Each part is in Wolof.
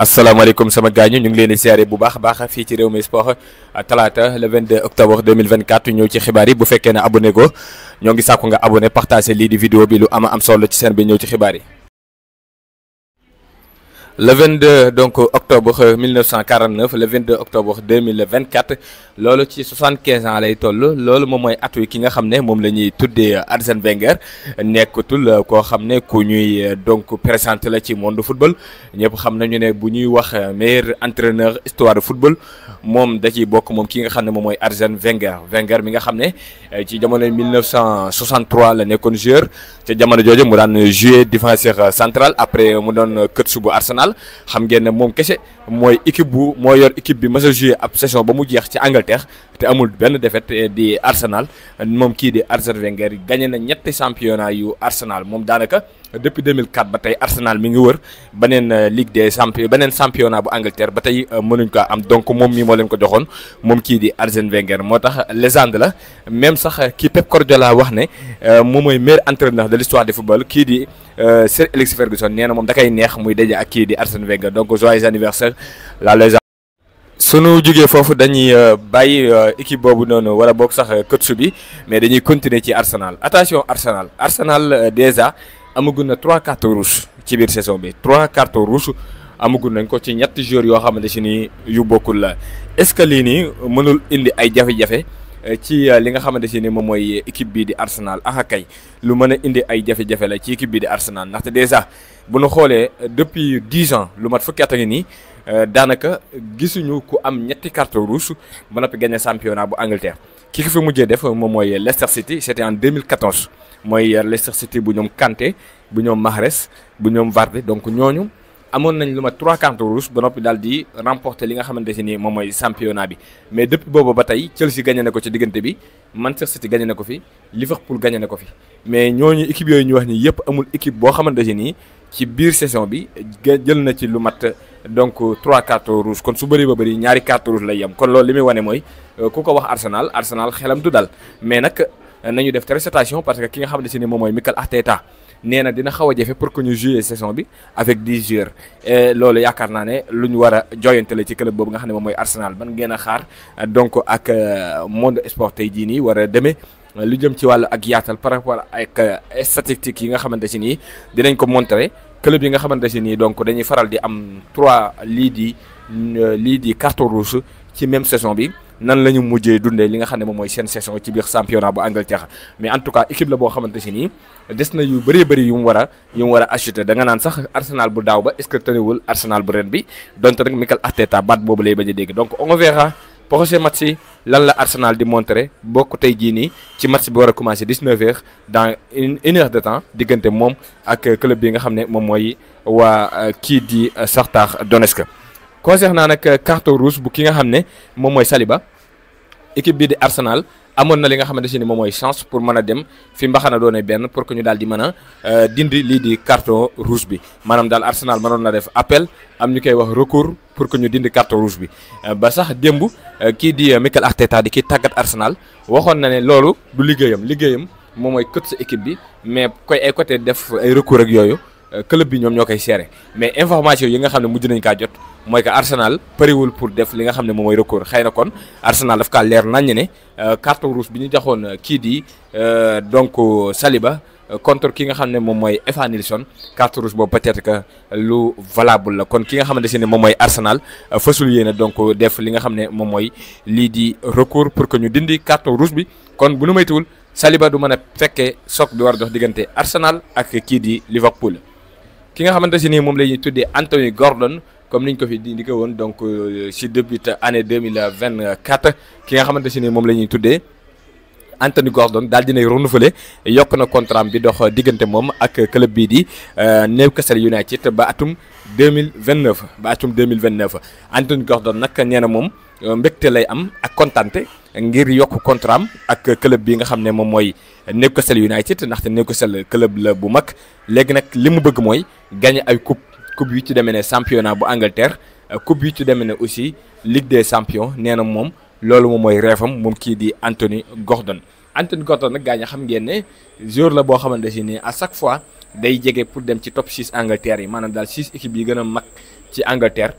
asalaamaaleykum sama gaañu ñu ngi leen di siyaare bu baax baax fii ci Rewmi Sport talaata le 22 octobre ñëw ci xibaar yi bu fekkee ne abonné go ñoo ngi sàkku nga abonné partagé lii di vidéo bi lu ama am solo ci seen bi ñëw ci xibaar yi le 22 donc octobre 1949 le 22 octobre 2024 loolu ci 75 ans lay toll loolu moom mooy atu ki nga xam ne moom la ñuy tuddee Arsène Wenger nekkatul koo xam ne ku ñuy donc présenté la ci monde football ñëpp xam nañu ne bu ñuy wax meilleur entraîneur histoire de football moom da ciy bokk moom ki nga xam ne moom mooy Arsène Wenger Wenger mi nga xam ne eh, ci jamono 1963 la nekkoon joueur ca jamono jooju mu daan jouer défenseur central après mu doon kët su bu Arsenal. xam ngeen ne moom kese mooy équipe bu mooy yor équipe bi mas a ab saison ba mu jeex ci Angleterre te amul benn défaite eh, di Arsenal moom kii di Arsène Wenger gagné na ñetti championnat yu Arsenal moom daanaka. depuis 2004 ba tey Arsenal mi ngi wër beneen euh, Ligue des champions beneen championnat bu Angleterre ba tey euh, mënuñ ko am donc moom mii moo leen ko joxoon moom kii di Arsène Wenger moo tax légende la même sax kii Pep Guardiola wax ne euh, moom mooy meilleur entraîneur de l'histoire du football kii di Sir Alex Ferguson nee na moom da koy neex muy daje ak kii di Arsène Wenger donc joyeux anniversaire la légende. sunu jugee foofu dañuy bàyyi équipe boobu noonu wala book sax coach bi mais dañuy continuer ci Arsenal attention Arsenal Arsenal déjà. amagun na trois cartons rouges ci biir saison bi trois cartons rouges amagun nañ ko ci ñetti joueurs yoo xamante si ni yu bokkul la est-ce que lii nii mënul indi ay jafe-jafe euh, ci euh, li nga xamante si ni moom mooy équipe bii di Arsenal ah kay lu mën a indi ay jafe-jafe la ci équipe bii di Arsenal ndaxte déjà bu ñu xoolee depuis dix ans lu mat fukki at a ngi nii euh, daanaka gisuñu ku am ñetti carton rouge ba noppi gagné championnat bu Angleterre ki ki fi mujjee def moom mooy Leicester City c'était en 2014. mooy Leicester City bu ñoom Kanté bu ñoom Mahrez bu ñoom Vardy donc ñooñu amoon nañ lu ma trois cartons rouges ba noppi daal di remporter li nga xamante si nii moom mooy championnat bi mais depuis boobu ba tey Chelsea gagné na ko ci diggante bi Manchester City gagné ne ko fi Liverpool gagné ne ko fi mais ñooñu équipe yooyu ñu wax nii yëpp amul équipe boo xamante si nii ci biir saison bi jël na ci lu mat donc trois cartons rouges kon su bari ba bëri ñaari cartons rouges lay yem kon loolu li muy wane mooy euh, ku ko wax Arsenal Arsenal xelam du dal nañu def très attention parce que ki nga xam ne si ne moom mooy Mikel Arteta nee na dina xaw a jafe pour que ñu jouer saison bi avec 10 joueurs loolu yaakaar naa ne lu ñu war a joyante la ci club boobu nga xam ne moom mooy Arsenal ban ngeen xaar donc ak euh, monde sport tey jii nii war a demee lu jëm ci wàllu ak yaatal par rapport ak euh, statistiques yi nga xamante si nii dinañ ko montrer club yi nga xamante si nii donc dañuy faral di am trois lii di euh, lii di carton rouge ci même saison bi nan la ñu mujjee dundee li nga xam ne moom mooy seen saison ci biir championnat bu Angleterre mais en tout cas équipe la boo xamante si nii des na yu bëree bëri yu mu war a yu mu war a acheter da nga naan sax Arsenal bu daaw ba est-ce que tënewul Arsenal bu ren bi donte nag Mikel Arteta baat boobu lay bañ a dégg donc on verra prochain match lan la Arsenal di montré bokk tey jii nii ci match bi war a commencé 19h dans une une heure de temps diggante moom ak club bi nga xam ne moom mooy waa euh, kii di euh, Shakhtar Donetsk concernant nag euh, carton rouge bu ki nga xam ne moom mooy Saliba équipe bii di Arsenal amoon na li nga xamante ne moom mooy chance pour mën a dem fi mbaxana doone benn pour que ñu daal di mën euh, dindi lii di carton rouge bi maanaam daal Arsenal manoon na def appel am ñu koy wax recours pour que ñu dindi carton rouge bi euh, ba sax démb kii di Mikel Arteta di kii tàggat Arsenal waxoon na ne loolu du liggéeyam liggéeyam moom mooy coach sa équipe bi mais koy ay def ay recours ak yooyu Euh, club bi ñoom ñoo koy seere mais information yi nga xam ne mu nañ kaa jot mooy que Arsenal parewul pour def li nga xam ne moom mooy recours xëy na kon Arsenal daf kaa leer naññ ne euh, carte rouge bi ñu joxoon euh, kii di donc Saliba contre ki nga xam ne moom mooy Efa Nilsson carte rouge boobu peut-être que lu valable la kon ki nga xamante ne moom mooy Arsenal fësul yéene donc def li nga xam ne moom mooy lii di recours pour que ñu dindi carte rouge bi kon bu nu maytuwul Saliba du mën a fekkee choc bi war a dox diggante Arsenal ak kii di Liverpool. ki nga xamante si nii moom la ñuy tuddee Anthony Gordon comme niñ ko fi di ko woon donc euh, si depuis année deux mille vingt quatre ki nga xamante si nii moom la ñuy tuddee. Anthony Gordon daal dinay renouveler yokk na contrat bi dox diggante moom ak club bii di euh, Newcastle United ba atum deux mille vingt neuf ba atum deux mille vingt neuf Anthony Gordon nag nee na moom. Euh, mbégte lay am ak kontante ngir yokk contrat am ak club bi nga xam ne moom mooy Newcastle United ndaxte Newcastle club la bu mag léegi nag li mu bëgg mooy gagné ay coupe coupe yu ci demee ne championnat bu Angleterre euh, coupe yu ci demee ne aussi Ligue des champions nee na moom loolu moom mooy reefam moom kii di Anthony Gordon Anthony Gordon nag gaañ xam ngeen ne jour la boo xamante si ni à chaque fois day jege pour dem ci top 6 Angleterre yi maanaam daal 6 équipes yi gën a mag ci Angleterre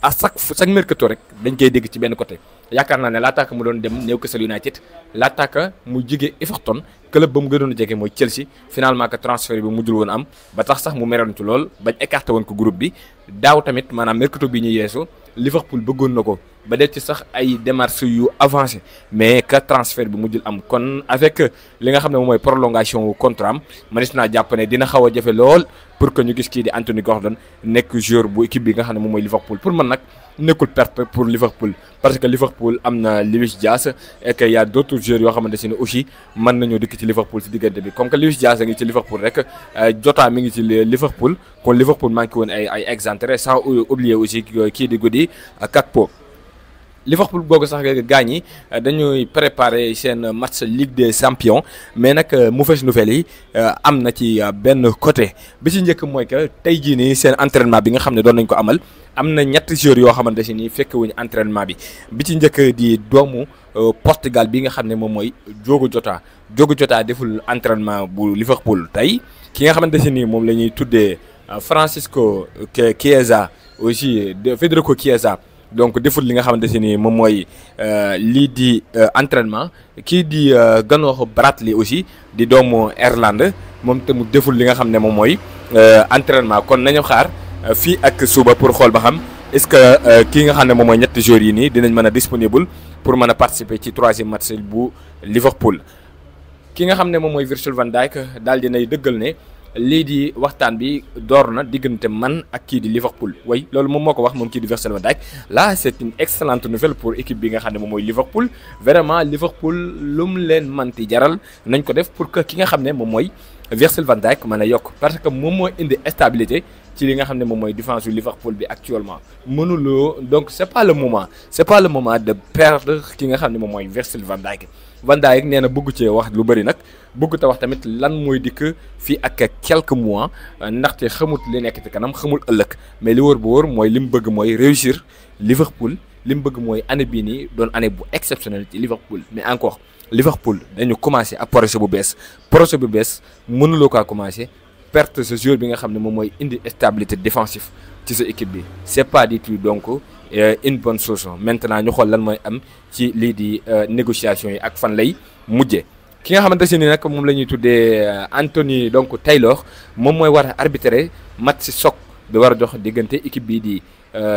à chaque chaque mercato rek dañ koy dégg ci benn côté yaakaar naa ne laa ka mu doon dem Newcastle United laa ka mu jege Everton club ba mu gënoon jege mooy Chelsea finalement que transfert bi mujjul woon am ba tax sax mu meroon ci lool bañ écarté woon ko groupe bi daaw tamit maanaam mercato bi ñu yeesu Liverpool bëggoon na ko ba def ci sax ay démarches yu avancé mais que transfert bi mujjul am kon avec li nga xam ne moom mooy prolongation wu contrat am manis naa jàpp ne dina xaw a jafe lool pour que ñu gis kii di Anthony Gordon nekk joueur bu équipe bi nga xam ne moom mooy Liverpool pour man nag nekkul perte pour Liverpool parce que Liverpool am na Luis Diaz et que yoo xamante ne aussi mën nañoo dikk ci Liverpool si diggante bi comme que Luis a ngi ci Liverpool rek euh, Jota mi ngi ci Liverpool kon Liverpool manqué woon ay ay excentré sans oublier aussi kii di guddi Napoli ak Gakpo. Liverpool googu sax gaañ yi dañuy préparer seen match Ligue des Champions mais nag euh, mauvaise nouvelle yi euh, am na ci euh, benn côté bi ci njëkk mooy que tey jii nii seen entraînement bi nga xam ne doon nañ ko amal am na ñetti joueurs yoo xamante si nii fekk wuñu entraînement bi bi ci njëkk di doomu Portugal bi nga xam ne moom mooy Diogo jotaa Diogo jotaa deful entraînement bu Liverpool tey ki nga xamante si ni moom la ñuy tuddee Francisco Chiesa aussi Federico Chiesa donc deful li nga xamante si ni moom mooy euh, lii di euh, entraînement kii di euh, Ganaru Bradley aussi di doomu Irlande moom te mu deful li nga xam ne moom mooy entraînement kon nañu xaar fii ak suba pour xool ba xam est-ce que kii nga xam ne moom mooy ñetti joueurs yi nii dinañ mën a disponible pour mën a participer ci troisième match bu Liverpool. ki nga xam ne moom mooy Virgil van Dijk daal dinay dëggal ne. lii di waxtaan bi door na diggante man ak kii di Liverpool way loolu moom moo ko wax moom kii di Virgil van Dijk là c' est une excellente nouvelle pour équipe bi nga xam ne moom mooy Liverpool vraiment Liverpool lu mu leen ti jaral nañ ko def pour que ki nga xam ne moom mooy Virgil van Dijk mën a yokk parce que moom mooy indi stabilité ci li nga xam ne moom mooy défense yu Liverpool bi actuellement mënuloo donc c' est pas le moment c' pas le moment de perdre ki nga xam ne moom mooy versil van Dijk Van Dijk nee na bëgg cee wax lu bëri nag bëgg te wax tamit lan mooy dikk fii ak quelques mois ndaxte xamut li nekk ci kanam xamul ëllëg mais li wóor bu wóor mooy li mu bëgg mooy réussir Liverpool li mu bëgg mooy année bii nii doon année bu exceptionnelle ci Liverpool mais encore. Liverpool dañu commencé ak projet bu bees projet bu bees mënuloo kaa commencé perte ce jour bi nga xam ne moom mooy indi stabilité défensive ci sa équipe bi c'est pas du tout donc euh, une bonne solution maintenant ñu xool lan mooy am ci lii di euh, négociation yi ak fan lay mujjee. ki nga xamante ne nag moom la ñuy tuddee euh, Anthony donc Taylor moom mooy war a arbitrer match si soog bi war a jox diggante équipe bii di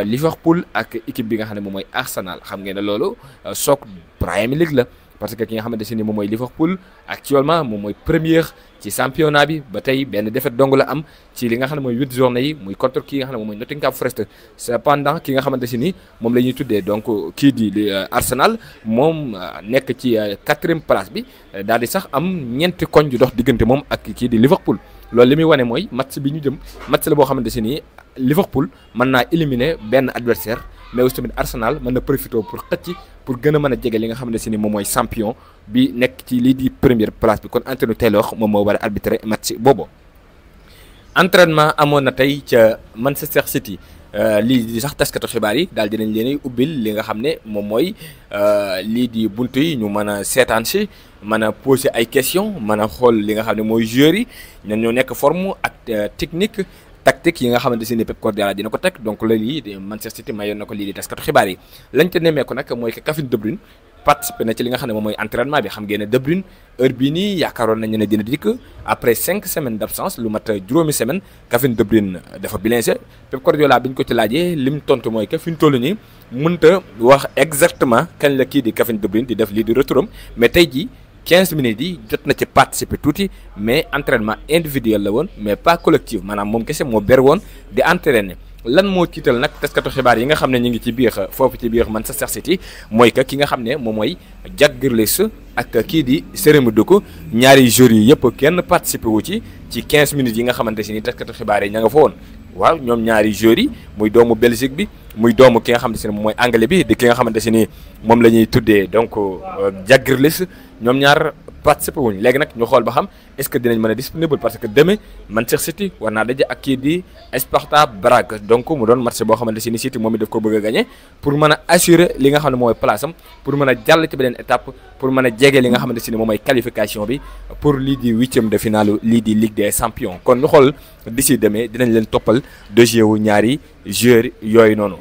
Liverpool ak équipe bi nga xam ne moom mooy Arsenal xam ngeen ne loolu soog Premier League la. parce que ki nga xamante si ni moom mooy Liverpool actuellement moom mooy première ci championnat bi ba tey benn défaite dong la am ci li nga xam ne mooy huit journée yi muy contre ki nga xam ne moom mooy nga xamante si ni moom la ñuy tuddee donc kii di euh, Arsenal moom euh, nekk ci euh, quatrième place bi daal di sax am ñeenti koñ ju dox diggante moom ak kii di Liverpool loolu li muy wane mooy match bi ñu jëm match la boo xamante si ni Liverpool mën naa éliminer benn adversaire mais aussi tamit Arsenal mën na profité pour xëcc pour gën a mën a jege li nga xam ne si ni moom mooy champion bi nekk ci lii di première place bi kon Anthony Taylor moom moo a arbitré match boobu. entraînement amoon na tey ca Manchester City euh, lii di sax taskatu xibaar yi daal dinañ leen ubbil li nga xam ne moom mooy euh, lii di bunt yi ñu mën a seetaan si mën a poser ay questions mën a xool li nga xam ne mooy joueurs yi ñan ñoo nekk forme ak euh, technique. tactique yi nga xamante si ni Pep Guardiola dina ko teg donc la lii Manchester City mayoon na ko lii di taskatu xibaar yi lañ ca nemmeeku nag mooy que Kevin De Bruyne na ci li nga xam ne moom mooy entraînement bi xam ngeen ne De Bruyne heure bii nii yaakaaroon ne dina dikk après cinq semaines d' lu mat juróomi semaine Kevin De dafa blessé Pep Guardiola bi ko ci laajee lim tontu mooy que fi mu toll nii mënta wax exactement kañ la kii di Kevin De Bruyne def lii di retouram mais tey jii. 15 minutes yi jot na ci participer tuuti mais entraînement individuel la woon mais pas collectif maanaam moom kese moo ber woon di entraîner lan moo tiital nag taskatu xibaar yi nga xam ne ñu ngi ci biir foofu ci biir Manchester City mooy que ki nga xam ne moom mooy Jack Grealish ak kii di Serem Doku ñaari joueurs yi yëpp kenn participer wu ci ci 15 minutes yi nga xamante si ni taskatu xibaar yi ña nga fa woon. waaw ñoom ñaari joueurs yi muy doomu Belgique bi muy doomu ki nga xamante si ni moom mooy anglais bi di ki xamante si ni moom la ñuy tuddee donc euh, Jack Grealish ñoom ñaar participer wuñ léegi nag ñu xool ba xam est-ce que dinañ mën a disponible parce que demain Manchester City war naa daje ak kii di Sparta Brague donc mu doon match boo xamante si ni City moom it ko bëgg a gagné pour mën a assurer li nga xam ne mooy place am pour mën a jàll ci beneen étape pour mën a jege li nga xamante si ni moom mooy qualification bi pour lii di huitième de finale lii di Ligue des Champions kon ñu xool di si demain dinañ leen toppal dossier wu ñaari joueurs yooyu noonu.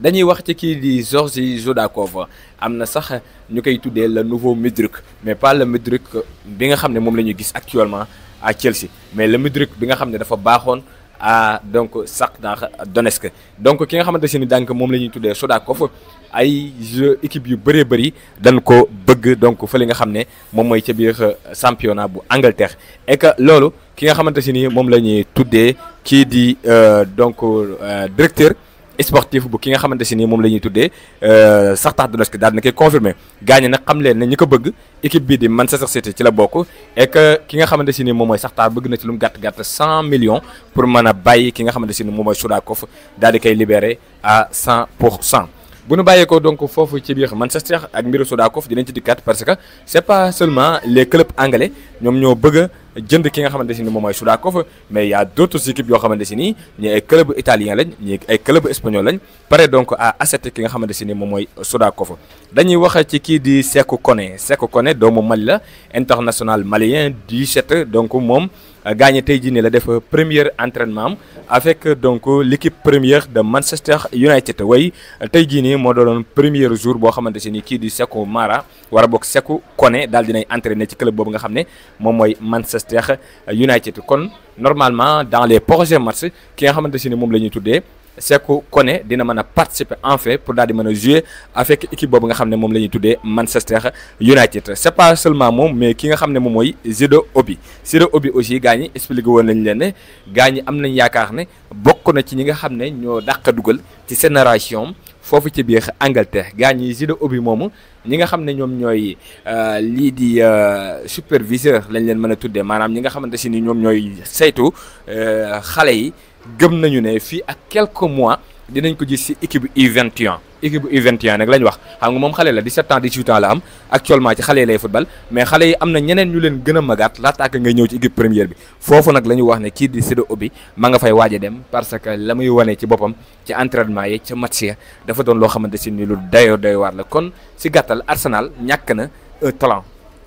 dañuy wax ci kii di Georgi Jodakov am na sax ñu koy tuddee le nouveau Mudryk mais pas le Mudryk bi nga xam ne moom la ñu gis actuellement à Chelsea mais le Mudryk bi nga xam ne dafa baaxoon à donc Shakhtar Donetsk donc ki nga xamante ni donc moom la ñuy tuddee Sodakov ay jeu équipe yu bëree bëri dañ ko bëgg donc fa li nga xam ne moom mooy ca biir championnat bu Angleterre et que loolu ki nga xamante si nii moom la ñuy tuddee kii di euh, donc euh, directeur. sportif bu ki nga xamante si nii moom la ñuy tuddee euh, Shakhtar Donetsk daal na koy confirmé gaañ nag xam leen na ñi ko bëgg équipe bii di Manchester City ci la bokk et que ki nga xamante si nii moom mooy Shakhtar bëgg na ci lu mu gàtt gàtt cent millions pour mën a bàyyi ki nga xamante si nii moom mooy Soudakov daal di koy libéré à cent pour cent. bu nu bàyyee ko donc foofu ci biir Manchester ak mbiru Soudakov dinañ ci dikkaat parce que c'est pas seulement les clubs anglais ñoom ñoo bëgg jënd ki nga xamante si ni moom mooy Soudakov mais y a d' autres équipes yoo xamante si nii ñi ay club italien lañ ñi ay club espagnol lañ pare donc à acheter ki nga xamante si ni moom mooy Soudakov dañuy wax ci kii di Sékou Koné Sékou kone doomu Mali la international malien 17 donc moom gagné tey jii nii la def première entraînement avec donc l'équipe première de Manchester United way tey jii nii moo doon première jour boo xamante si ni kii di Sékou Mara war a bokk kone Koné daal dinay entraîné ci club boobu nga xam ne moom mooy Manchester United kon normalement dans les prochains matchs ki nga xamante si ni moom la ñuy tuddee Seckou Koné dina mën a participer en fait pour daal di mën a jouer avec équipe boobu nga xam ne moom la ñuy tuddee Manchester United c' est pas seulement moom mais ki nga xam ne moom mooy Zido Obi Zido Obi aussi gaa ñi expliqué woon nañ leen ne gaa ñi am nañ yaakaar ne bokk na ci ñi nga xam ne ñoo dàq dugal ci génération foofu ci biir Angleterre gaa ñi Zido Obi moomu ñi nga xam ne ñoom ñooy euh, lii di euh, superviseur lañ leen mën a tuddee maanaam ñi nga xamante si ni ñoom ñooy saytu euh, xale yi. gëm nañu ne fii ak quelques mois dinañ ko ji si équipe U21 équipe U21 nag lañ wax xam nga moom xale la 17 ans 18 ans la am actuellement ci xale yi lay football mais xale yi am na ñeneen ñu leen gën a magaat laataaka ngay ñëw ci équipe première bi foofu nag la wax ne kii di Sidy Obby ma nga fay waaj dem parce que la muy wane ci boppam ci entraînement yi ca match dafa doon loo xamante si ni lu dayoo doy waar la kon si gàttal Arsenal ñàkk na un euh,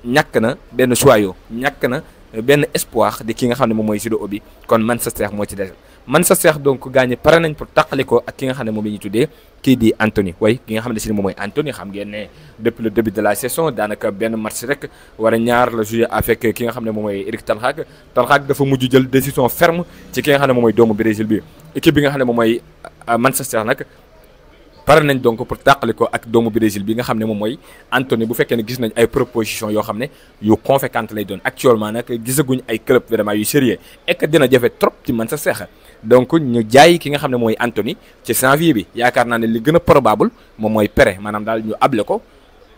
ñàkk na benn choix ñàkk na euh, benn espoir di ki nga xam ne moom mooy Sidy Obby kon Manchester moo ci desal man sa seex donc gaañe pare nañ pour taqali ko ak ki nga xam ne moom la ñuy tuddee kii di Anthony way ki xam ne si moom mooy Anthony xam ngeen ne depuis de la saison daanaka benn match rek wala ñaar la joué avec ki nga xam ne moom mooy Eric Ten Hag Ten Hag dafa jël décision ferme ci ki xam ne moom mooy doomu Brésil bi équipe bi nga xam ne moom mooy euh, Manchester nag pare nañ donc pour tàqali ko ak doomu Brésil bi nga xam ne moom mooy Anthony bu fekkee ne gis nañ ay proposition yoo xam ne yu conséquente lay doon actuellement nag gisaguñ ay club vraiment yu sérieux et que dina jafe trop ci Manchester donc ñu jaay ki nga xam ne mooy Anthony ci janvier bi yaakaar naa ne li gën a probable moom mooy prêt maanaam daal ñu able ko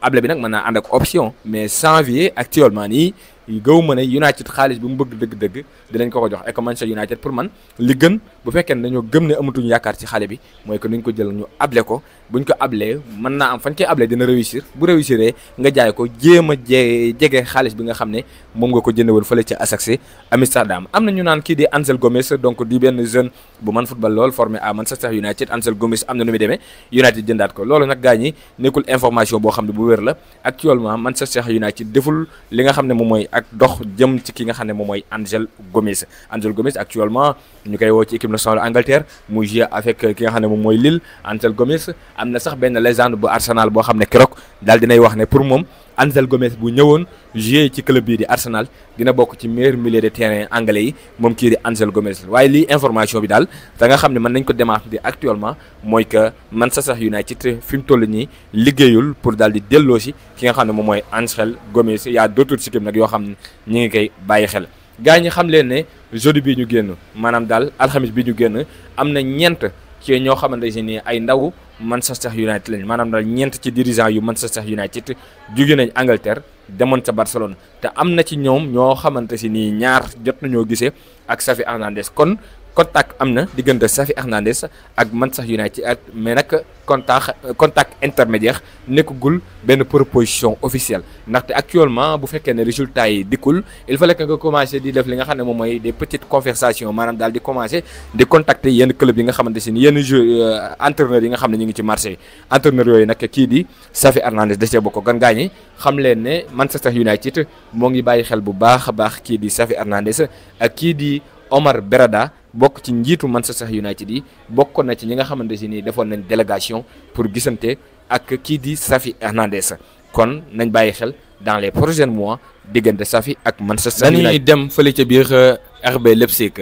able bi nag mën naa ànd ak option mais janvier actuellement nii gëw ma ne United xaalis bi mu bëgg dëgg-dëgg dinañ ko ko jox et que Manchester United pour man li gën bu fekkee ne gëm ne amatuñu yaakaar ci xale bi mooy que nañ ko jël ñu able ko buñ ko ablee mën naa am fañ koy ablee dina réussir bu réussiree nga jaay ko jéem a jee jege xaalis bi nga xam ne moom nga ko jënd woon fële ca Ajax Amsterdam am na ñu naan kii di Ansel Gomes donc di benn jeune bu man football lool formé à Manchester United Ansel Gomes am n nu demee United jëndaat ko loolu nag gaa ñi nekkul information boo xam ne bu wér la actuellement Manchester United deful li nga xam ne moom mooy ak dox jëm ci ki nga xam ne moom mooy Angel Gomis Angel Gomis actuellement ñu koy woo ci équipe nationale Angleterre muy jouer avec ki nga xam ne moom mooy lil Angel Gomis am na sax benn légende bu Arsenal boo xam ne keroog daal dinay wax ne pour moom Ansel Gomes bu ñëwoon joué ci club bii di Arsenal dina bokk ci meilleur milieu de terrain anglais yi moom kii di Ansel Gomes waaye lii information bi daal da nga xam ne mën nañ ko démarrer actuellement mooy man que Manchester United fi mu toll nii liggéeyul pour daal di delloo si ki nga xam ne moom mooy Ansel Gomes y a d'autres nag yoo xam ne ñu ngi koy bàyyi xel. gaa ñi xam leen ne jeudi bii ñu génn maanaam daal alxamis bi ñu génn am na ñeent ci ñoo xamante ne ay ndaw. Manchester United lañ maanaam daal ñeent ci dirigeant yu Manchester United jóge nañu Angleterre demoon sa Barcelone te am na ci ñoom ñoo xamante si ni ñaar jot nañoo gisee ak Xavi Hernandez kon contact am na diggante Xavi Hernandez ak Manchester United ak mais nag contact contact intermédiaire nekkagul benn proposition officielle ndaxte actuellement bu fekkee ne résultat yi dikkul il fallait que nga commencé di def li nga xam ne moom mooy de petites conversations maanaam daal di commencé di contacter yenn club yi nga xamante si ni yenn jeu euh, entraîneurs yi nga xam ne ñu ngi ci marché entraîneurs yooyu nag kii di Xavi Hernandez da cee bokk gan gaañi xam leen ne Manchester United moo ngi bàyyi xel bu baax a baax kii di Xavi Hernandez ak kii di. Omar Berada bokk ci njiitu Manchester United yi bokkoon na ci ñi nga xamante si nii defoon nañ délégation pour gisante ak kii di Xavi Hernandez kon nañ bàyyi xel dans les prochains mois diggante Xavi ak Manchester United dañuy dem fële ca biir euh, RB Leipzig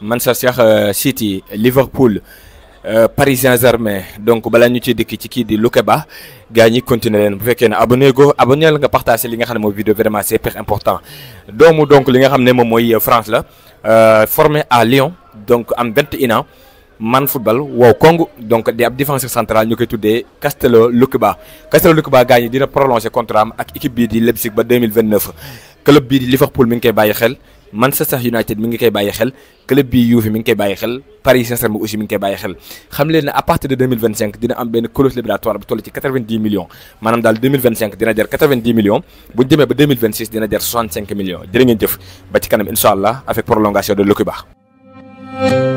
Manchester euh, City Liverpool euh, Paris Saint-Germain donc balaa ñu ci dikk ci kii di Luke Ba gars ñi continuer leen bu fekkee ne abonné go abonné la nga partagé li nga xam ne mooy vidéo vraiment c'est hyper important doomu donc moom mooy France la. Euh, forme à Lyon donc am 21 ans man football wow kong donc di ab défenseur central ñu koy tuddee Castello Lukuba Castello Lukuba gars ñi dina prolongé contrat am ak équipe bii di Leipzig ba 2029 club bii di Liverpool mi ngi koy bàyyi xel. Manchester United mi ngi koy bàyyi xel club bi Juve mi ngi koy bàyyi xel Paris Saint-Germain aussi mi ngi koy bàyyi xel xam leen ne à partir de dina am benn clause libératoire bu toll ci 90 maanaam daal dina jar 90 bu ñu ba dina jar 65 millions ngeen jëf ba ci kanam incha allah avec prolongation de Lukeba.